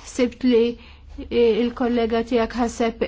ħsibt li il-kollega tiegħek ħaseb